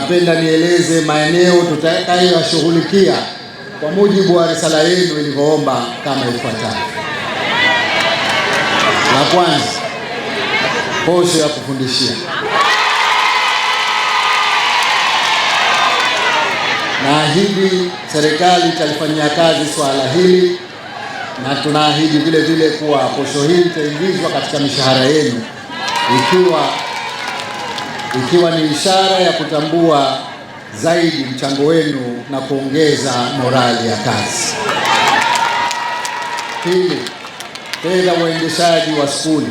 napenda nieleze maeneo tutakayoyashughulikia kwa mujibu wa risala yenu ilivyoomba kama ifuatavyo. La kwanza, posho ya kufundishia, na serikali italifanyia kazi swala hili, na tunaahidi vile vile kuwa posho hii itaingizwa katika mishahara yenu ikiwa ikiwa ni ishara ya kutambua zaidi mchango wenu na kuongeza morali ya kazi. Pili, fedha uendeshaji wa skuli.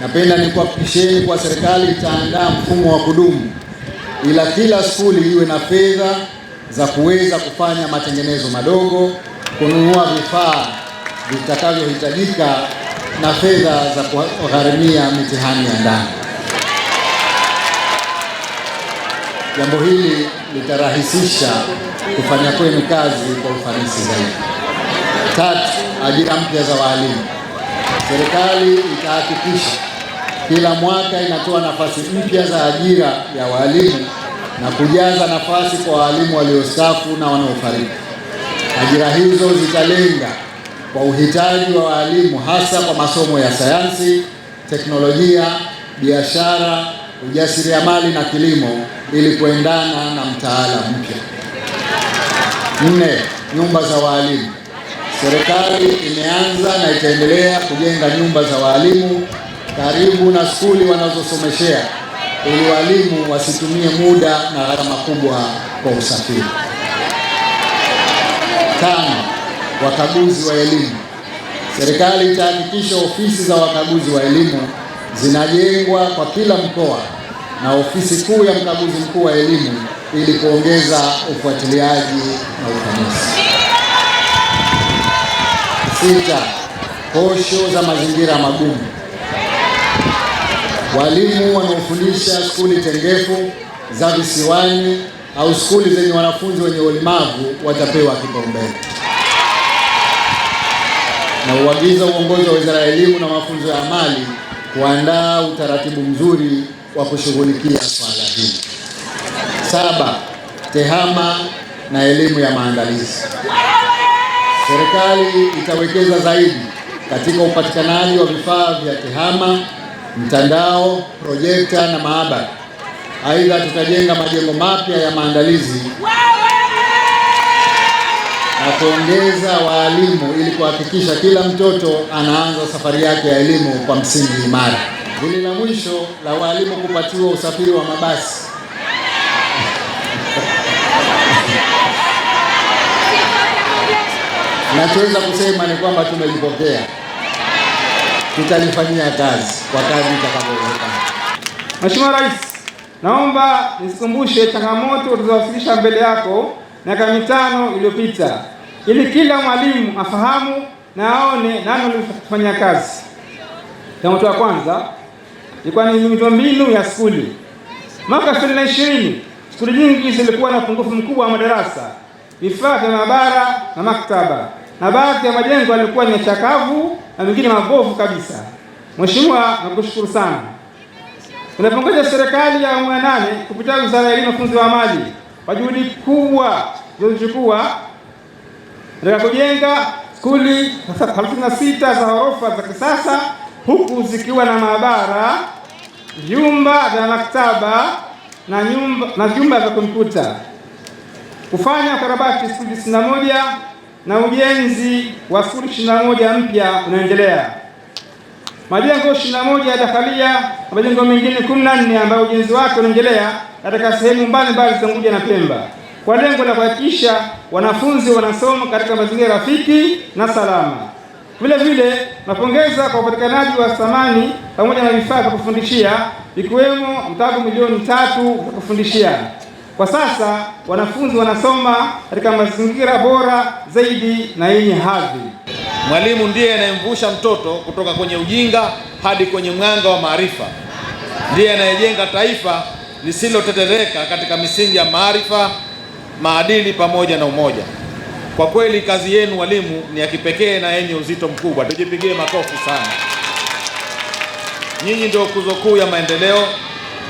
Napenda nikuhakikisheni kuwa serikali itaandaa mfumo wa kudumu, ila kila skuli iwe na fedha za kuweza kufanya matengenezo madogo, kununua vifaa vitakavyohitajika na fedha za kugharimia mitihani ya ndani. jambo hili litarahisisha kufanya kwenu kazi kwa ufanisi zaidi. Tatu, ajira mpya za walimu. Serikali itahakikisha kila mwaka inatoa nafasi mpya za ajira ya walimu na kujaza nafasi kwa walimu waliostafu na wanaofariki. Ajira hizo zitalenga kwa uhitaji wa walimu hasa kwa masomo ya sayansi, teknolojia, biashara ujasiriamali na kilimo ili kuendana na mtaala mpya. Nne, nyumba za waalimu. Serikali imeanza na itaendelea kujenga nyumba za waalimu karibu na skuli wanazosomeshea ili walimu wasitumie muda na gharama kubwa kwa usafiri. Tano, wakaguzi wa elimu. Serikali itahakikisha ofisi za wakaguzi wa elimu zinajengwa kwa kila mkoa na ofisi kuu ya mkaguzi mkuu wa elimu ili kuongeza ufuatiliaji na ufanisi. Sita, posho za mazingira magumu. Walimu wanaofundisha skuli tengefu za visiwani au skuli zenye wanafunzi wenye ulemavu watapewa kipaumbele. Na uagiza uongozi wa Wizara ya Elimu na Mafunzo ya Amali kuandaa utaratibu mzuri wa kushughulikia swala hili. Saba, tehama na elimu ya maandalizi. Serikali itawekeza zaidi katika upatikanaji wa vifaa vya tehama, mtandao, projekta na maabara. Aidha, tutajenga majengo mapya ya maandalizi na kuongeza waalimu ili kuhakikisha kila mtoto anaanza safari yake ya elimu kwa msingi imara. Hili la mwisho la waalimu kupatiwa usafiri wa mabasi nachoweza kusema ni kwamba tumelipokea, tutalifanyia kazi kwa kazi itakavyowezekana. Mheshimiwa Rais, naomba nisikumbushe changamoto tulizowasilisha mbele yako miaka mitano iliyopita ili kila mwalimu afahamu na aone nani alifanya kazi. Changamoto ya kwanza ilikuwa ni miundombinu ya skuli. Mwaka 2020 skuli nyingi zilikuwa na upungufu mkubwa wa madarasa, vifaa vya maabara na maktaba, na baadhi ya majengo yalikuwa ni chakavu na mengine mabovu kabisa. Mheshimiwa, nakushukuru sana. Tunapongeza serikali ya awamu ya nane kupitia Wizara ya Elimu na Ufunzi wa Amali kwa juhudi kubwa zilizochukua Nataka kujenga skuli 36 za ghorofa za kisasa huku zikiwa na maabara, vyumba vya maktaba na nyumba na vyumba vya kompyuta, kufanya ukarabati skuli 91 na ujenzi wa skuli 21 mpya unaendelea. Majengo 21 ya dakharia na majengo mengine 14 ambayo ujenzi wake unaendelea katika sehemu mbalimbali za Unguja na Pemba kwa lengo la kuhakikisha wanafunzi wanasoma katika mazingira rafiki na salama. Vile vile napongeza kwa upatikanaji wa samani pamoja na vifaa vya kufundishia ikiwemo vitabu milioni tatu vya kufundishia. Kwa sasa wanafunzi wanasoma katika mazingira bora zaidi na yenye hadhi. Mwalimu ndiye anayemvusha mtoto kutoka kwenye ujinga hadi kwenye mwanga wa maarifa, ndiye anayejenga taifa lisilotetereka katika misingi ya maarifa maadili pamoja na umoja. Kwa kweli kazi yenu walimu ni ya kipekee na yenye uzito mkubwa, tujipigie makofi sana. Nyinyi ndio nguzo kuu ya maendeleo,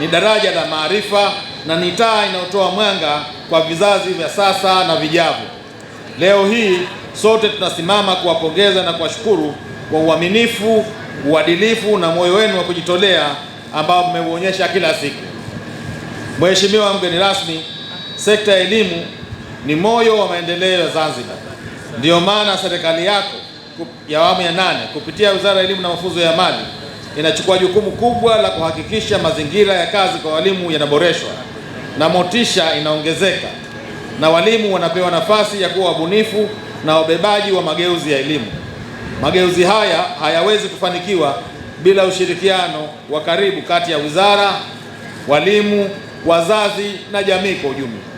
ni daraja la maarifa na ni taa inayotoa mwanga kwa vizazi vya sasa na vijavyo. Leo hii sote tunasimama kuwapongeza na kuwashukuru kwa uaminifu, uadilifu na moyo wenu wa kujitolea ambao mmeuonyesha kila siku. Mheshimiwa mgeni rasmi sekta ya elimu ni moyo wa maendeleo ya Zanzibar. Ndiyo maana serikali yako ya awamu ya nane kupitia Wizara ya Elimu na Mafunzo ya Amali inachukua jukumu kubwa la kuhakikisha mazingira ya kazi kwa walimu yanaboreshwa na motisha inaongezeka na walimu wanapewa nafasi ya kuwa wabunifu na wabebaji wa mageuzi ya elimu. Mageuzi haya hayawezi kufanikiwa bila ushirikiano wa karibu kati ya wizara, walimu wazazi na jamii kwa ujumla.